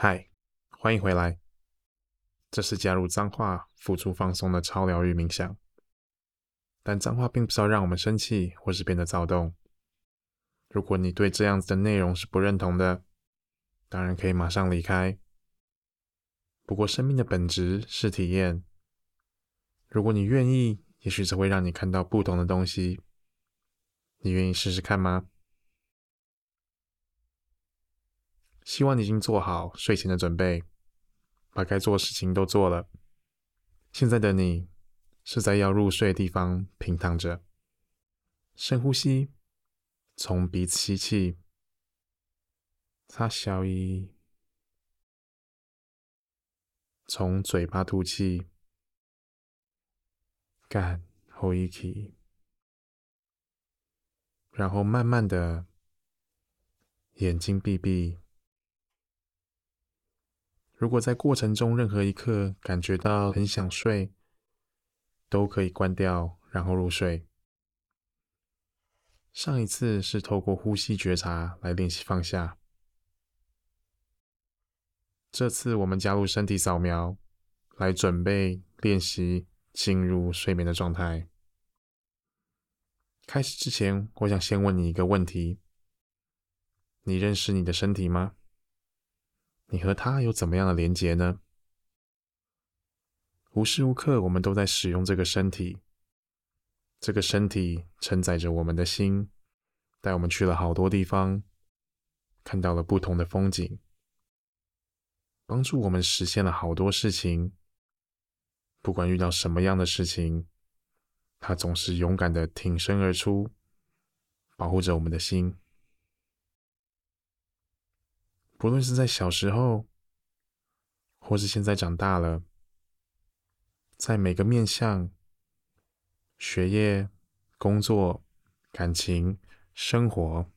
嗨，Hi, 歡迎回來。這是加入髒話，付出放鬆的超療癒冥想，但髒話並不是要讓我們生氣或是變得躁動。如果你對這樣子的內容是不認同的，當然可以馬上離開。不過生命的本質是體驗，如果你願意，也許這會讓你看到不同的東西。你願意試試看嗎？希望你已經做好睡前的準備，把該做的事情都做了。現在的你是在要入睡的地方平躺着，深呼吸，從鼻子吸氣，差小伊，從嘴巴吐氣，幹吼伊去，然後慢慢的眼睛閉閉。如果在過程中任何一刻感覺到很想睡，都可以關掉，然後入睡。上一次是透過呼吸覺察來練習放下，這次我們加入身體掃描來準備練習進入睡眠的狀態。開始之前，我想先問你一個問題：你認識你的身體嗎？你和他有怎麼樣的連結呢？無時無刻我們都在使用這個身體，這個身體承載着我們的心，帶我們去了好多地方，看到了不同的風景，幫助我們實現了好多事情。不管遇到什麼樣的事情，他總是勇敢地挺身而出，保護着我們的心。不論是在小時候，或是現在長大了，在每個面向、學業、工作、感情、生活，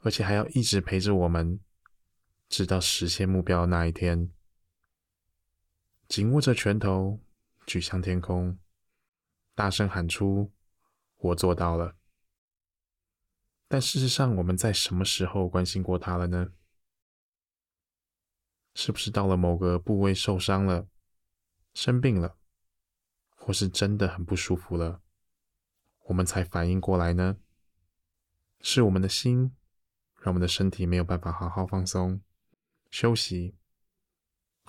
而且還要一直陪着我們，直到實現目標的那一天，緊握着拳頭舉向天空，大聲喊出：“我做到了。”但事實上，我們在什麼時候關心過它了呢？是不是到了某個部位受傷了、生病了，或是真的很不舒服了，我們才反應過來呢？是我們的心讓我們的身體沒有辦法好好放鬆、休息。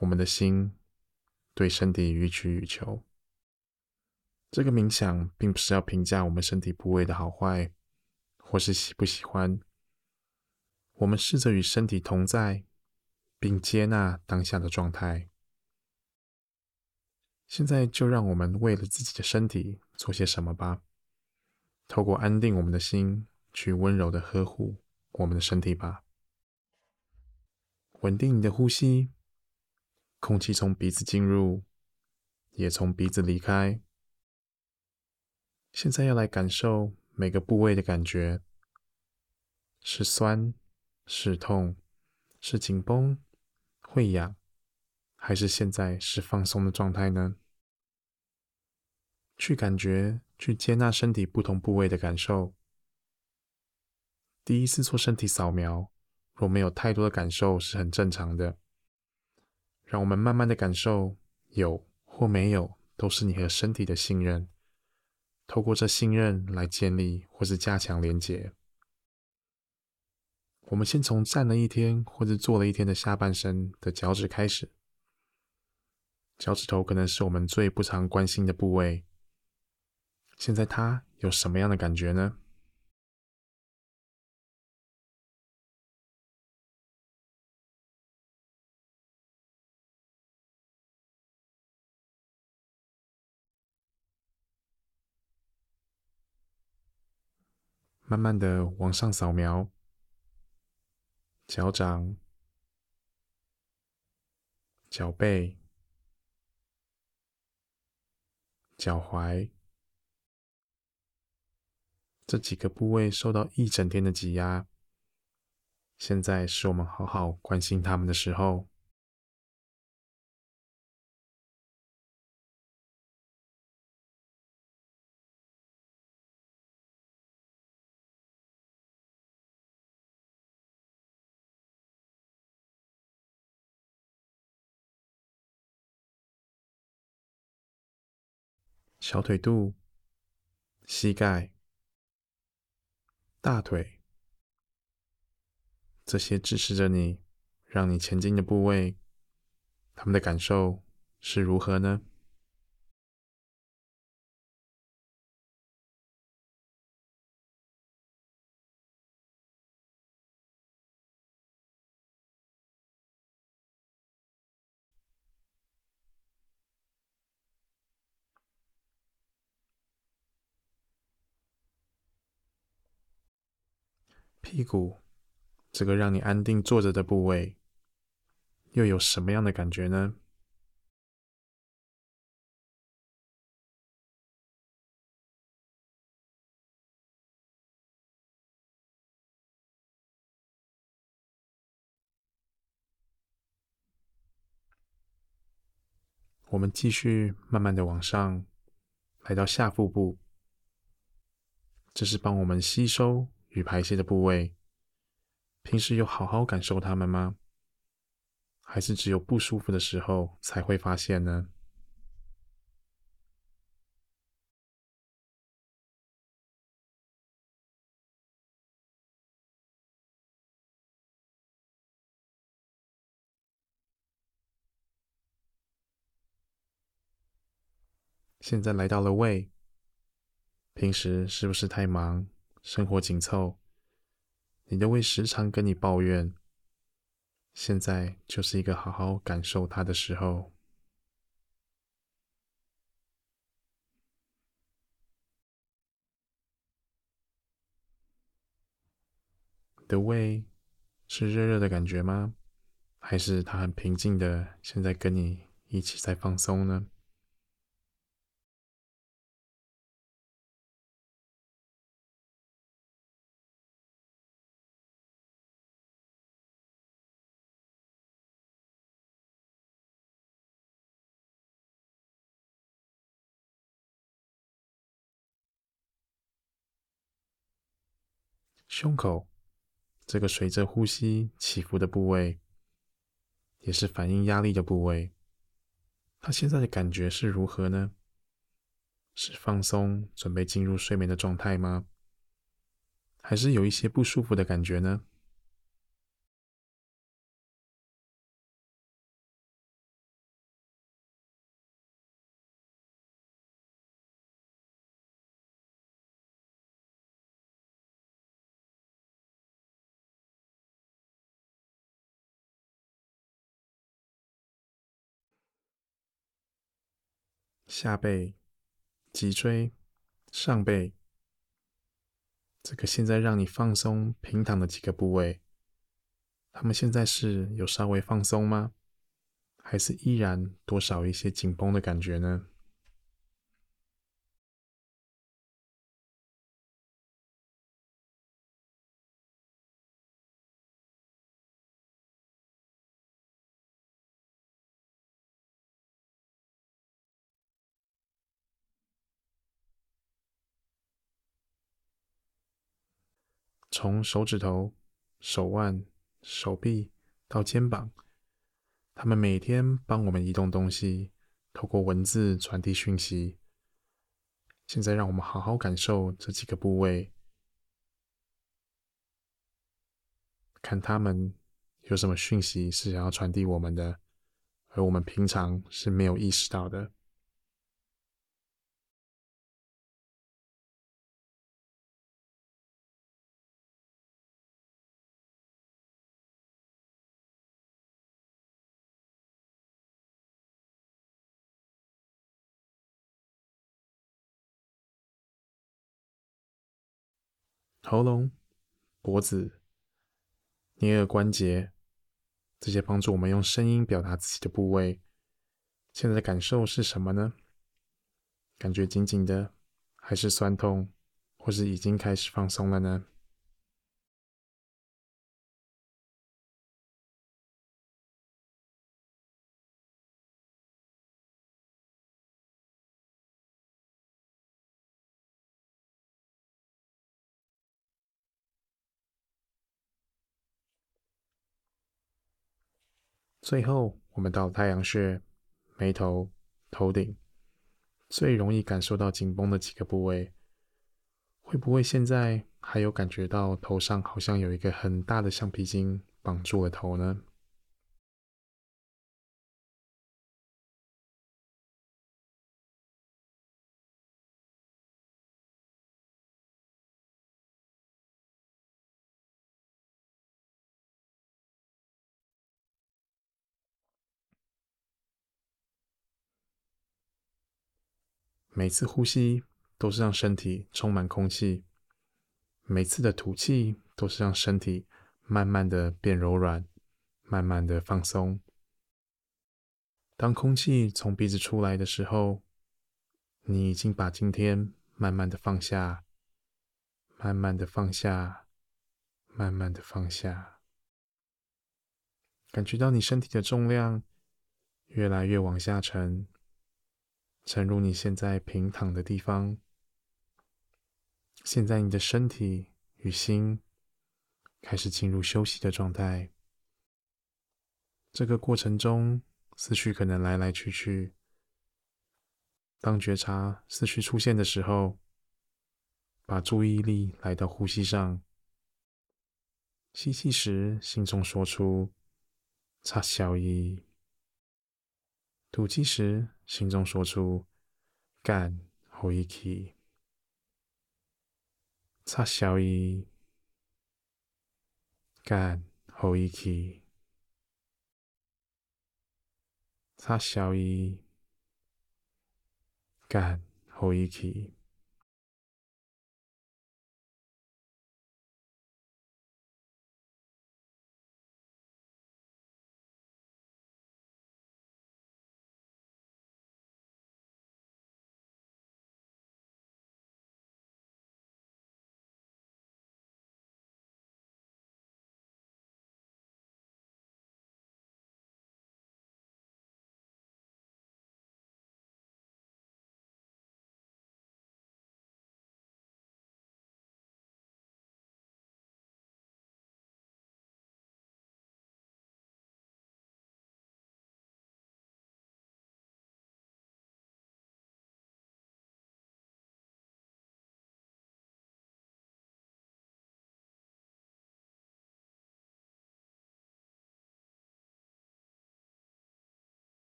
我們的心對身體予取予求。這個冥想並不是要評價我們身體部位的好壞。或是喜不喜歡，我們試着與身體同在，並接納當下的狀態。現在就讓我們為了自己的身體做些什麼吧。透過安定我們的心，去溫柔地呵護我們的身體吧。穩定你的呼吸，空氣從鼻子進入，也從鼻子離開。現在要來感受。每個部位的感覺是痠、是痛、是緊繃、會癢，還是現在是放鬆的狀態呢？去感覺，去接納身體不同部位的感受。第一次做身體掃描，若沒有太多的感受是很正常的。讓我們慢慢的感受，有或沒有，都是你和身體的信任。透過這信任來建立或是加強連結。我們先從站了一天或是坐了一天的下半身的腳趾開始。腳趾頭可能是我們最不常關心的部位，現在它有什麼樣的感覺呢？慢慢的往上掃描，腳掌、腳背、腳踝這幾個部位受到一整天的擠壓，現在是我們好好關心它們的時候。小腿肚、膝蓋、大腿，這些支持着你，讓你前進的部位，他們的感受是如何呢？屁股，這個讓你安定坐着的部位，又有什麼樣的感覺呢？我們繼續慢慢的往上，來到下腹部，這是幫我們吸收，與排泄的部位，平時有好好感受它們嗎？還是只有不舒服的時候才會發現呢？現在來到了胃，平時是不是太忙？生活緊湊，你的胃時常跟你抱怨。現在就是一個好好感受它的時候。你的胃是熱熱的感覺嗎？還是它很平靜的？現在跟你一起在放鬆呢？胸口這個隨着呼吸起伏的部位，也是反應壓力的部位。它現在的感覺是如何呢？是放鬆，準備進入睡眠的狀態嗎？還是有一些不舒服的感覺呢？下背、脊椎、上背，這個現在讓你放鬆平躺的幾個部位，他們現在是有稍微放鬆嗎？還是依然多少一些緊繃的感覺呢？從手指頭、手腕、手臂到肩膀，他們每天幫我們移動東西，透過文字傳遞訊息。現在，讓我們好好感受這幾個部位，看他們有什麼訊息是想要傳遞我們的，而我們平常是沒有意識到的。喉嚨、脖子、顳顎關節，這些幫助我們用聲音表達自己的部位。現在的感受是什麼呢？感覺緊緊的，還是酸痛，或是已經開始放鬆了呢？最後，我們到太陽穴、眉頭、頭頂，最容易感受到緊繃的幾個部位。會不會現在還有感覺到頭上好像有一個很大的橡皮筋綁住了頭呢？每次呼吸都是讓身體充滿空氣，每次的吐氣都是讓身體慢慢的變柔軟，慢慢的放鬆。當空氣從鼻子出來的時候，你已經把今天慢慢的放下，慢慢的放下，慢慢的放下。感覺到你身體的重量越來越往下沉。沉入你現在平躺的地方。現在你的身體與心開始進入休息的狀態。這個過程中，思緒可能來來去去。當覺察思緒出現的時候，把注意力來到呼吸上。吸氣時，心中說出“差小伊”。吐氣時，心中說出“幹吼伊去”，差小伊，幹吼伊去”，差小伊，幹吼伊去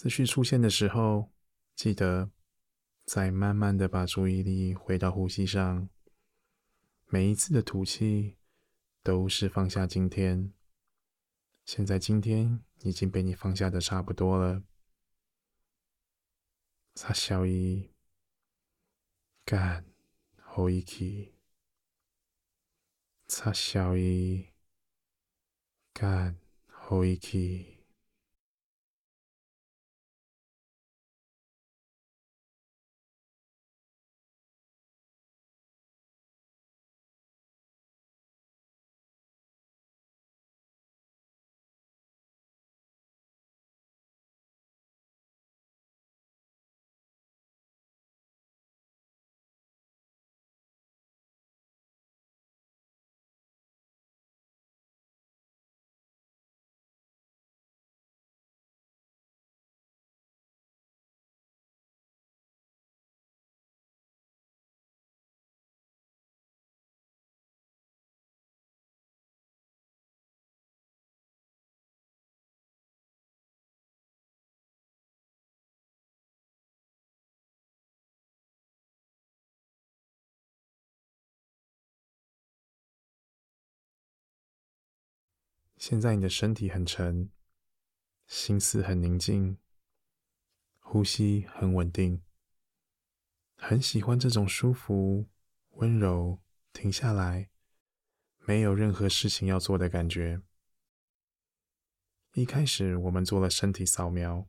思緒出現的時候，記得再慢慢地把注意力回到呼吸上。每一次的吐氣都是放下今天，現在今天已經被你放下得差不多了。差小伊，幹，吼伊去。差小伊，幹，吼伊去。現在你的身體很沉，心思很寧靜，呼吸很穩定，很喜歡這種舒服、溫柔、停下來、沒有任何事情要做的感覺。一開始我們做了身體掃描，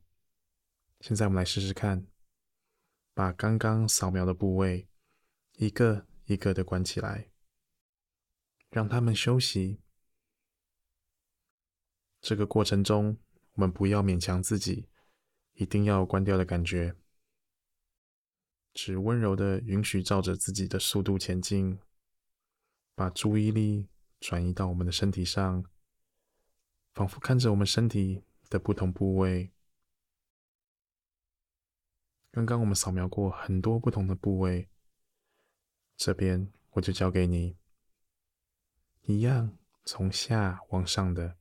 現在我們來試試看，把剛剛掃描的部位一個一個的關起來，讓他們休息。這個過程中，我們不要勉強自己，一定要關掉的感覺，只溫柔的允許照着自己的速度前進，把注意力轉移到我們的身體上，仿佛看着我們身體的不同部位。剛剛我們掃描過很多不同的部位，這邊我就交給你，一樣從下往上的。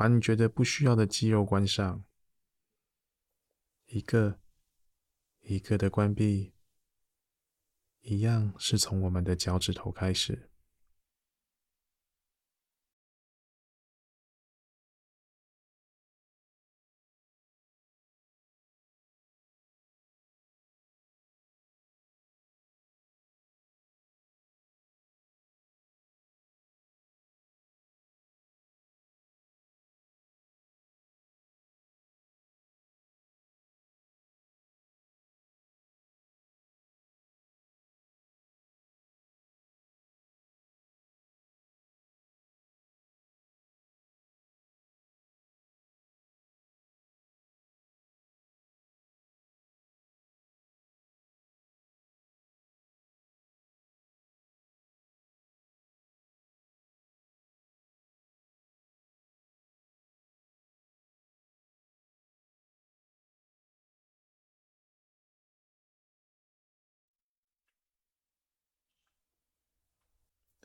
把你覺得不需要的肌肉關上，一個一個的關閉，一樣是從我們的腳趾頭開始。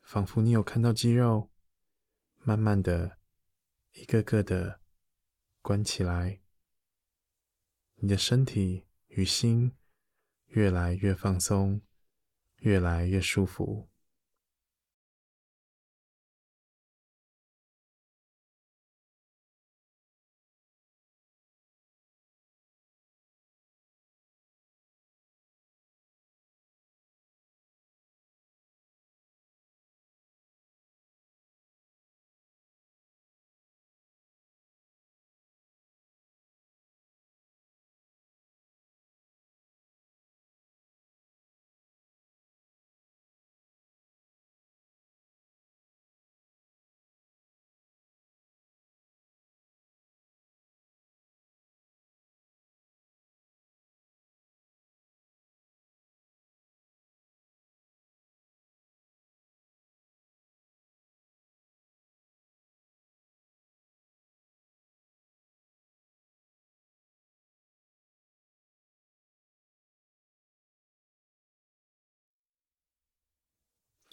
仿佛你有看到肌肉，慢慢的，一個個的關起來。你的身體與心越來越放鬆，越來越舒服。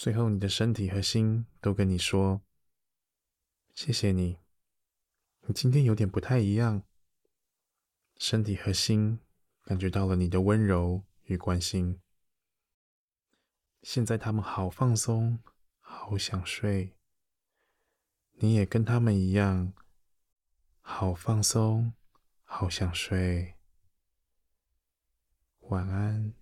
最後，你的身體和心都跟你說：“謝謝你，你今天有點不太一樣。身體和心感覺到了你的溫柔與關心，現在他們好放鬆，好想睡。你也跟他們一樣，好放鬆，好想睡。晚安。”